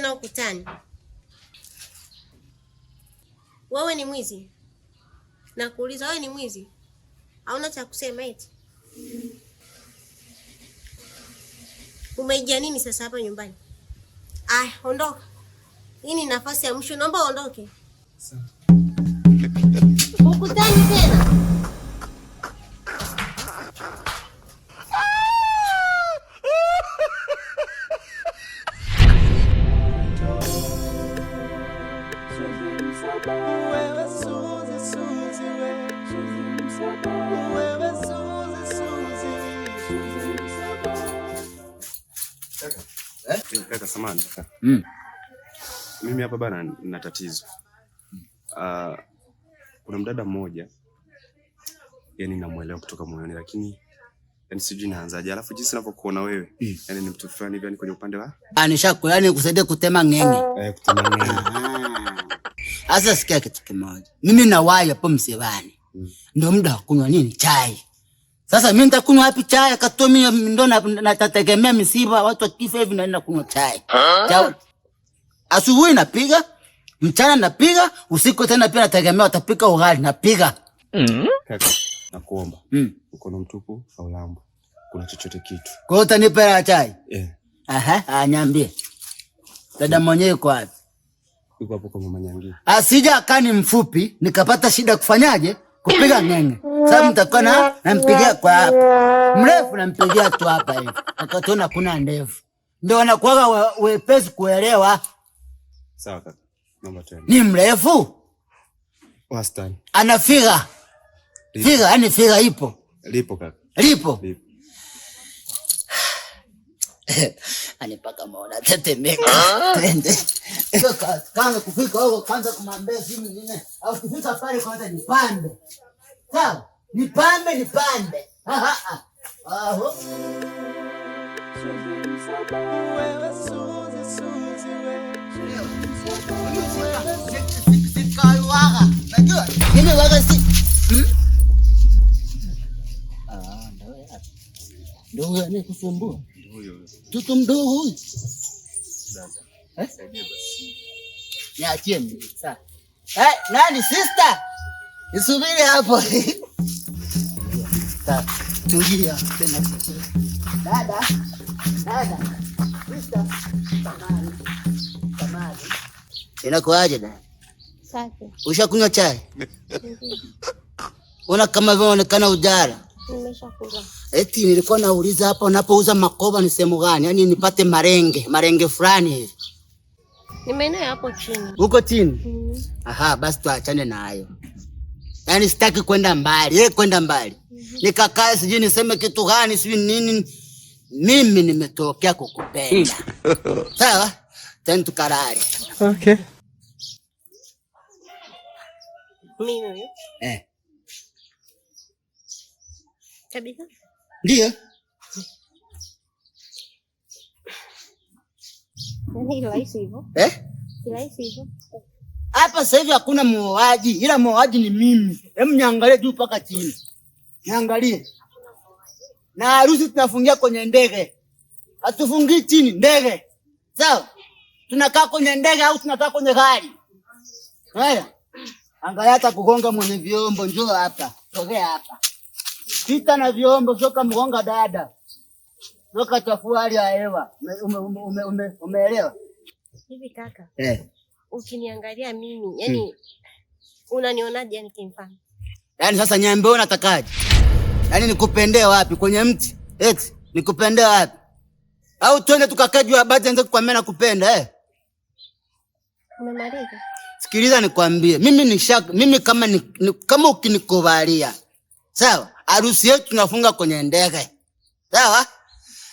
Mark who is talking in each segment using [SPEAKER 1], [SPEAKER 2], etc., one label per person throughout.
[SPEAKER 1] tena ukutani. Wewe ni mwizi, nakuuliza wewe ni mwizi, hauna cha kusema eti? Umeijia nini sasa hapa nyumbani? Aya, ondoka. Hii ni nafasi ya mwisho, naomba uondoke. Ukutani tena.
[SPEAKER 2] kabisa. mm. Mimi hapa bana nina tatizo Uh, kuna mdada mmoja yani namwelewa kutoka moyoni, lakini yani sijui naanzaje, alafu jinsi ninavyokuona wewe mm. yani ni mtu fulani hivi, yani kwenye upande wa
[SPEAKER 3] anishako, ah, yani kusaidia kutema ngenge eh, kutema ngenge. Sasa sikia kitu kimoja, mimi na waya hapo msewani mm. ndio muda wa kunywa nini chai sasa mimi nitakunywa wapi chai? Akatoa mimi ndo natategemea misiba watu wakifa hivi naenda kunywa chai. Asubuhi napiga, mchana napiga, usiku tena pia nategemea watapika ugali napiga.
[SPEAKER 2] Mm. Nakuomba. Mm. Uko mtupu au lambo? Kuna chochote kitu.
[SPEAKER 3] Kwa hiyo utanipa hela chai? Eh. Aha, anyambie. Dada mm. mwenye yuko wapi?
[SPEAKER 2] Yuko hapo kwa mama Nyangi.
[SPEAKER 3] Asija ah, akani mfupi, nikapata shida kufanyaje? kupiga ng'enge. Sasa mtakuwa na nampigia kwa hapa. Mrefu nampigia tu hapa hivi. Akatona kuna ndevu. ndo wanakuwa wepezi wepesi kuelewa.
[SPEAKER 2] Sawa kaka. Naomba tena.
[SPEAKER 3] Ni mrefu? Wastani. Anafiga. Figa, yani figa ipo. Lipo kaka. Lipo. Lipo. Ani paka maona tetemeka. Ah. Twende. Sasa kufika huko kwanza kumwambia simu nini? Au kufika pale kwanza nipande. Sawa? Nipande nipande. Hmm? Ah ah. Aho. ndio. Ndio anekusumbua. Mtoto mdogo huyu. Eh? Niachie mimi sasa. Eh, nani sister? Nisubiri hapo. Tulia tena. Dada. Dada. Sister. Samahani. Samahani. Inakuaje dada? Safi. Ushakunywa chai? Una kama vile unaonekana ujara. Nimeshakula. Eti nilikuwa nauliza hapa unapouza makoba ni sehemu gani? Yaani nipate marenge, marenge fulani hivi.
[SPEAKER 1] Nimeenda hapo chini.
[SPEAKER 3] Huko chini? Mm. Aha, basi tuachane na hayo. Yaani sitaki kwenda mbali, yeye kwenda mbali. Mm -hmm. Nikakaa sijui niseme kitu gani, sijui nini. Mimi nimetokea kukupenda. Sawa? Tena tukalale.
[SPEAKER 2] Okay.
[SPEAKER 1] Mimi. Eh. Kabisa.
[SPEAKER 3] Ndio. Eh? Hapa sasa hivi hakuna muoaji, ila muoaji ni mimi. Hebu niangalie juu mpaka chini, niangalie. Na harusi tunafungia kwenye ndege, hatufungii chini ndege, sawa? Tunakaa kwenye ndege au tunakaa kwenye gari? Haya, eh? angalia, hata kugonga mwenye vyombo. Njoo hapa, sogea hapa Sita na vyombo, soka mgonga dada, soka chafua hali ya hewa. Umeelewa? Ume, ume, ume, ume Hivi kaka, eh,
[SPEAKER 1] ukiniangalia mimi yani hmm, unanionaje yani kimfano?
[SPEAKER 3] Yaani sasa nyambie unatakaje? Yaani nikupendee wapi kwenye mti? Eti nikupendee wapi? Au twende tukakae juu ya bati anze kukwambia nakupenda eh?
[SPEAKER 1] Umemaliza?
[SPEAKER 3] Sikiliza nikwambie, mimi nisha mimi kama ni, kama ukinikubalia. Sawa? Harusi yetu tunafunga kwenye ndege. Sawa?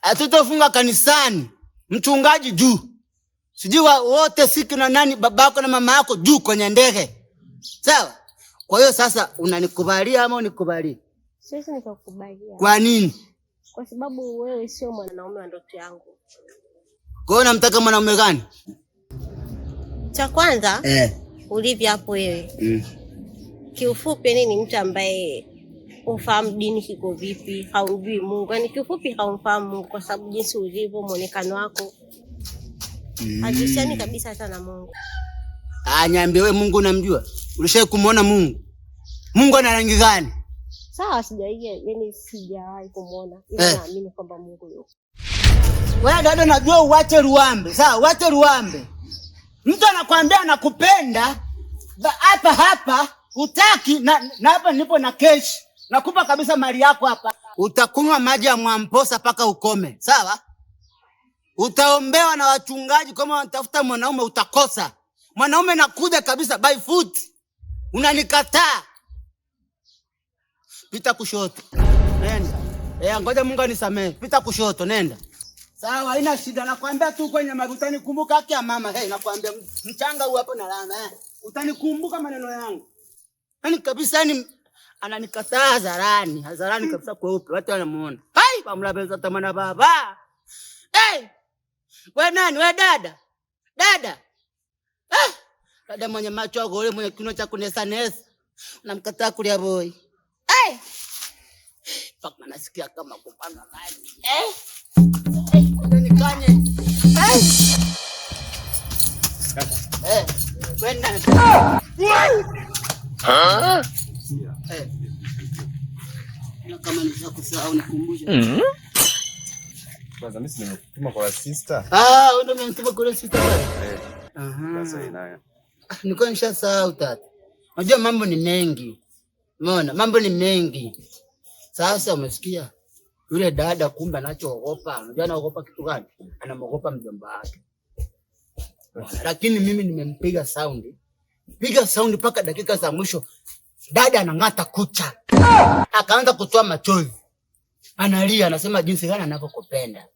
[SPEAKER 3] Hatutofunga kanisani. Mchungaji juu. Sijui wote siku na nani babako na mama yako juu kwenye ndege. Sawa? Kwa hiyo sasa unanikubalia ama unikubalia?
[SPEAKER 1] Siwezi nikakubalia. Kwa nini? Kwa sababu wewe sio mwanaume wa ndoto yangu.
[SPEAKER 3] Kwa hiyo namtaka mwanaume gani?
[SPEAKER 1] Cha kwanza, eh, ulivyo hapo wewe. Mm. Kiufupi, ni mtu ambaye ufahamu dini kiko vipi, haujui Mungu. Yani kifupi, haumfahamu Mungu kwa sababu jinsi ulivyo, mwonekano wako mm. hajusiani kabisa hata na Mungu.
[SPEAKER 3] Anyambie ah, wewe, Mungu unamjua? Ulishai kumwona Mungu? Mungu ana rangi gani?
[SPEAKER 1] Sawa, sijaiye, yani, sijawahi yaani kumwona ila eh, naamini kwamba Mungu yuko.
[SPEAKER 3] Wewe dada, najua uwache ruambe, sawa, uwache ruambe. Mtu anakwambia anakupenda hapa hapa, utaki na hapa nipo na keshi Nakupa kabisa mali yako hapa. Utakunywa maji ya Mwamposa mpaka ukome, sawa? Utaombewa na wachungaji kama wanatafuta mwanaume, utakosa mwanaume. Nakuja kabisa by foot, unanikataa. Pita kushoto, nenda. Eh, ngoja Mungu anisamehe. Pita kushoto, nenda. Sawa, haina shida. Nakwambia tu kwenye maji utanikumbuka haki ya mama. Hey, nakwambia mchanga huu hapo na lana. Eh, utanikumbuka maneno yangu. Yaani kabisa, yani ananikataa hadharani, hadharani kabisa, kweupe, watu wanamuona. Hai, pamlabeza tamana baba. Hey, we nani? We dada, dada, ah, dada mwenye macho agole, mwenye kino cha kunesa nesa, unamkataa kulia boy. Hey, paka nasikia kama kupana nani. Hey, hey, Hey, hey, Eh. Mm. Ah, eh.
[SPEAKER 2] ah,
[SPEAKER 3] nilikuwa nishasahau tata. Unajua mambo ni mengi, umeona mambo ni mengi. Sasa umesikia yule dada, kumbe anachoogopa. Unajua anaogopa kitu gani? Anamogopa mjomba wake. Eh. Lakini mimi nimempiga saundi, piga saundi mpaka dakika za mwisho Dada anang'ata kucha, akaanza kutoa machozi, analia, anasema jinsi gani anavyokupenda.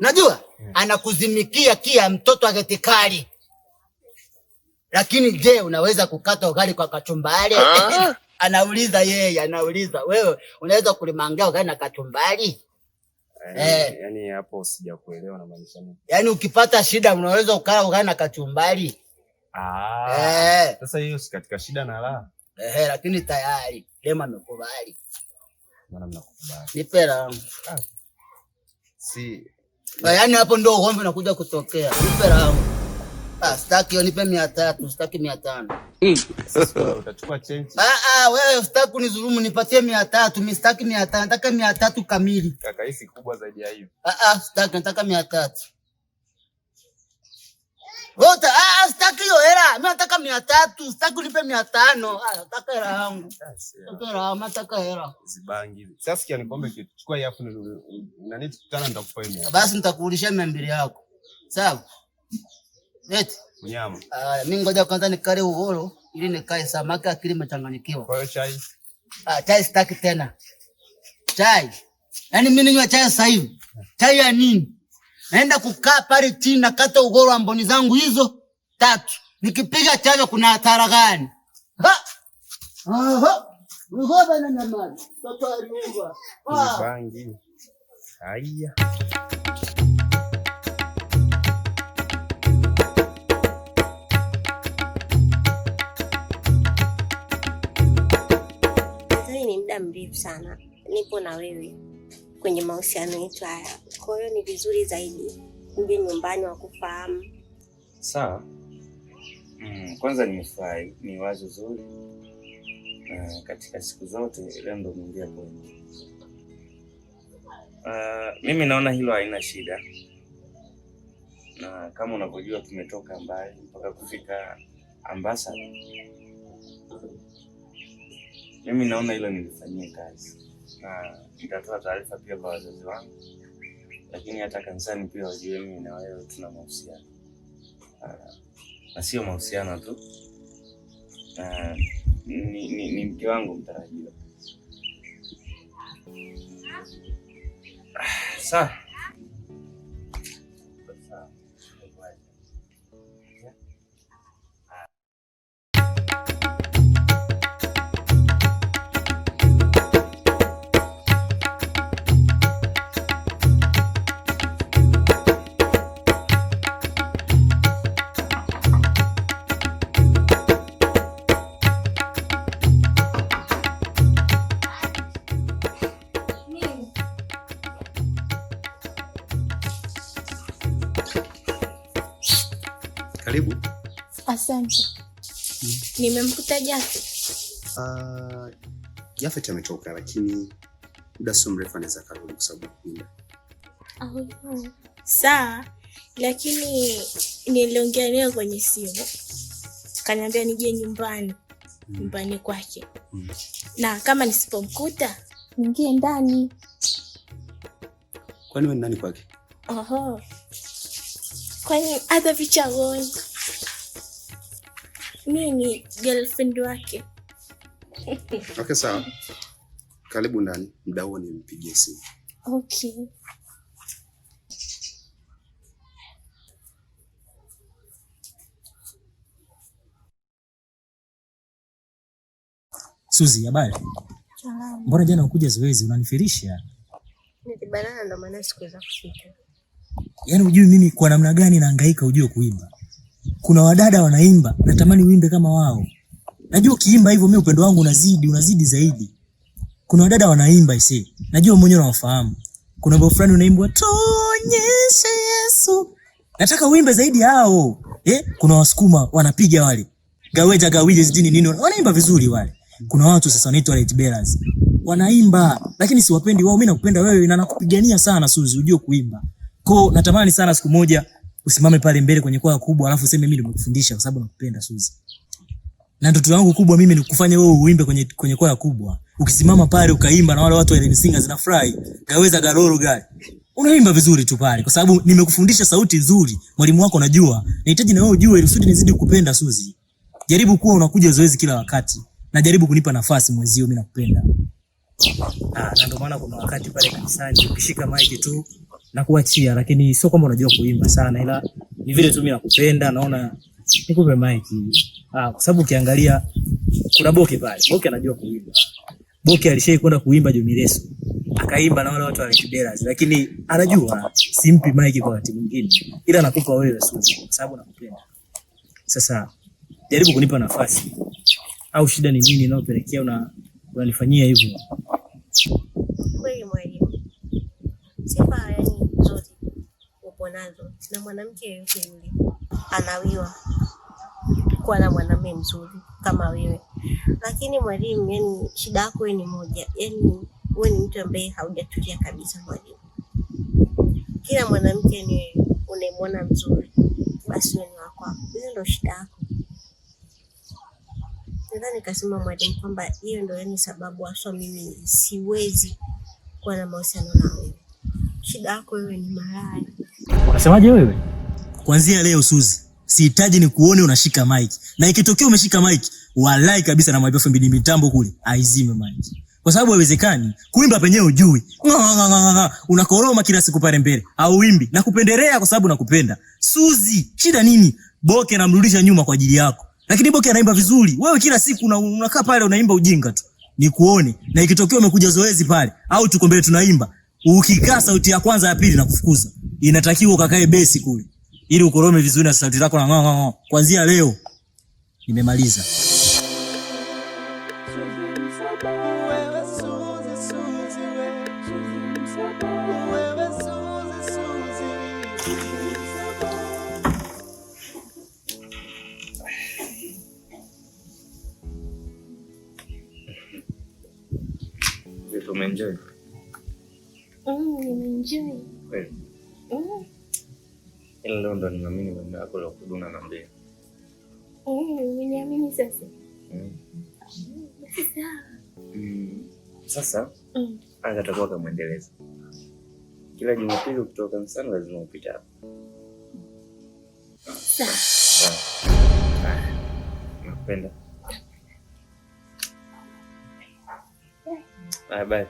[SPEAKER 3] Najua hmm. anakuzimikia kia mtoto aketikali, lakini je, unaweza kukata ugali kwa kachumbari? Ah. Anauliza yeye, anauliza wewe, unaweza kulimangia ugali na kachumbari?
[SPEAKER 2] yani eh. yaani hapo sijakuelewa na nini?
[SPEAKER 3] Yani ukipata shida unaweza ukala ugali na kachumbari?
[SPEAKER 2] Ah, eh. Sasa hiyo si katika shida na raha
[SPEAKER 3] Eh, lakini tayari Dema amekubali.
[SPEAKER 2] Mbona mnakubali?
[SPEAKER 3] Ni pera. Ah. Si. Yaani hapo ndio ugomvi unakuja kutokea. Ni pera. Ah, sitaki unipe mia tatu, sitaki mia tano. Hmm.
[SPEAKER 2] Utachukua change.
[SPEAKER 3] Ah, ah, wewe sitaki kunidhulumu, nipatie mia tatu, mimi sitaki mia tano, nataka mia tatu kamili.
[SPEAKER 2] Kaka, hii si kubwa zaidi ya hiyo.
[SPEAKER 3] Ah, ah, sitaki, nataka mia tatu. Vota, ah, ah, sitaki hiyo hela. Mimi nataka 300, sitaki ulipe 500. Ah, nataka hela yangu. Ah, nataka hela, nataka hela. Sibangi.
[SPEAKER 2] Sasa sikia nikombe kitu. Chukua hapo na nini tukutana nitakupa hii.
[SPEAKER 3] Basi nitakurudishia 200 yako. Sawa? Leti. Mnyama. Ah, mimi ngoja kwanza nikale uhoro ili nikae samaki akili imechanganyikiwa. Kwa hiyo chai. Ah, chai sitaki tena. Chai. Yaani mimi ninywa chai sasa hivi. Chai ya nini? naenda kukaa pale chini na kata ugoro wa mboni zangu hizo tatu, nikipiga chanjo kuna hatara gani? Ah!
[SPEAKER 1] Ni muda mrefu sana nipo na wewe kwenye mahusiano yetu haya kwa hiyo ni vizuri zaidi uje nyumbani wa kufahamu
[SPEAKER 2] Sawa. Mm, kwanza nimefurahi, ni wazo zuri. Uh, katika siku zote leo ndo umeingia kwa Uh, mimi naona hilo haina shida, na kama unavyojua tumetoka mbali mpaka kufika Ambasa. Mimi naona hilo nilifanyia kazi na nitatoa taarifa pia kwa wazazi wangu lakini hata kanisani pia wajue mimi na wewe tuna mahusiano ah, na sio mahusiano tu. Ah, ni, ni, ni mke wangu mtarajiwa. Ah, sawa. Karibu.
[SPEAKER 1] Asante. Hmm. Nimemkuta Jafe.
[SPEAKER 2] Uh, ah, Jafe ametoka lakini muda sio mrefu anaweza karudi kwa sababu kuna.
[SPEAKER 1] Oh, Lakini niliongea naye kwenye simu. Kaniambia nije nyumbani. Hmm. Nyumbani kwake. Hmm. Na kama nisipomkuta ningie ndani.
[SPEAKER 2] Kwani wewe ndani kwake?
[SPEAKER 1] Oho kwenye hata vichagoni. Mimi ni girlfriend wake.
[SPEAKER 2] Okay, sawa. Karibu ndani, muda huo nimpigie simu.
[SPEAKER 1] Okay.
[SPEAKER 4] Suzi, habari? Mbona jana ukuja zoezi unanifirisha?
[SPEAKER 5] Nilibanana ndo maana sikuweza kufika.
[SPEAKER 4] Yaani ujui mimi kwa namna gani naangaika ujue kuimba. Kuna wadada wanaimba, natamani uimbe kama wao. Najua ukiimba hivyo mimi upendo wangu unazidi, unazidi zaidi. Kuna wadada wanaimba isi. Najua mwenyewe unawafahamu. Kuna wimbo fulani unaimbwa tonyeshe Yesu. Nataka uimbe zaidi hao. Eh, kuna wasukuma wanapiga wale. Gaweja gawije zidini nini wanaimba vizuri wale. Kuna watu sasa wanaitwa light bearers. Wanaimba lakini siwapendi wao, mimi nakupenda wewe na nakupigania sana Suzi, ujue kuimba. Ko, natamani sana siku moja usimame pale mbele kwenye kwaya kubwa alafu useme mimi nimekufundisha kwa sababu nakupenda Suzi. Na ndoto yangu kubwa mimi ni kukufanya wewe uimbe kwenye kwenye kwaya kubwa. Ukisimama pale ukaimba na wale watu wa wale msinga zinafurahi. Gaweza galolo gari. Unaimba vizuri tu pale kwa sababu nimekufundisha sauti nzuri. Mwalimu wako najua. Nahitaji na wewe ujue ili usudi nizidi kukupenda Suzi. Jaribu kuwa unakuja zoezi kila wakati. Na jaribu kunipa nafasi mwezio mimi nakupenda. Ah, na ndio maana kuna wakati pale kanisani ukishika mic tu na kuachia, lakini sio kama unajua kuimba sana, ila ni vile tu mimi nakupenda, naona nikupe mic ah, kwa sababu ukiangalia kuna Boke pale, Boke anajua kuimba. Boke alishai kwenda kuimba Jumileso akaimba na wale watu wa Kibera, lakini anajua simpi mic kwa wakati mwingine, ila nakupa wewe sasa kwa sababu nakupenda. Sasa jaribu kunipa nafasi, au shida ni nini inayopelekea una unanifanyia hivyo?
[SPEAKER 1] nazo na mwanamke yeyote yule anawiwa kuwa na mwanamume mzuri kama wewe. Lakini mwalimu, yani shida yako ni moja, yani wewe ni mtu ambaye haujatulia kabisa mwalimu. Kila mwanamke ni unemwona mzuri, basi ni wako, hiyo ndio shida yako. Nadhani kasema mwalimu kwamba hiyo ndio yani sababu haswa mimi siwezi kuwa na mahusiano na wewe. Shida yako wewe ni malaya.
[SPEAKER 4] Unasemaje wewe? Kuanzia leo Suzi, sihitaji ni kuone unashika mike, na ikitokea umeshika mike, walai kabisa na namwambia fundi ni mitambo kule aizime mike, kwa sababu haiwezekani kuimba penyewe ujui, unakoroma kila siku pale mbele, au auimbi. Nakupendelea kwa sababu nakupenda Suzi, shida nini? Boke namrudisha nyuma kwa ajili yako, lakini Boke anaimba vizuri, wewe kila siku unakaa pale unaimba ujinga tu. Nikuone na ikitokea umekuja zoezi pale au tuko mbele tunaimba, ukikaa sauti ya kwanza ya pili nakufukuza inatakiwa ukakae besi kule ili ukorome vizuri na sauti zako na ngo ngo. Kuanzia leo nimemaliza.
[SPEAKER 2] Umeenjoy?
[SPEAKER 1] Mm, Kweli. Mm.
[SPEAKER 2] Ila leo ndo ninaamini mambo yako la kuduna na mbili.
[SPEAKER 1] Mm, Niamini sasa.
[SPEAKER 2] Mm. Sasa anga takuwa kama Kila Jumapili ukitoka msana lazima upite hapa. Nakupenda. Bye bye.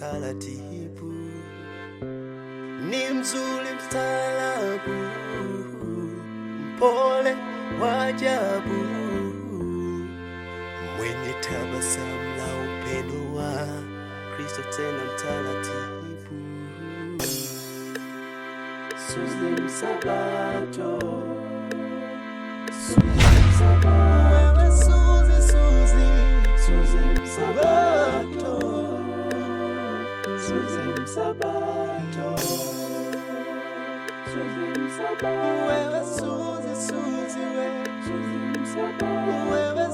[SPEAKER 5] taratibu, ni mzuri mstaarabu, mpole wajabu, mwenye tabasamu la upendo wa Kristo, tena mtaratibu, Suze Msabato, Suze Msabato, Suze Suze Suze Msabato Sabato. Suzi msabato. Wewe Suzi, Suzi wewe. Suzi msabato. Wewe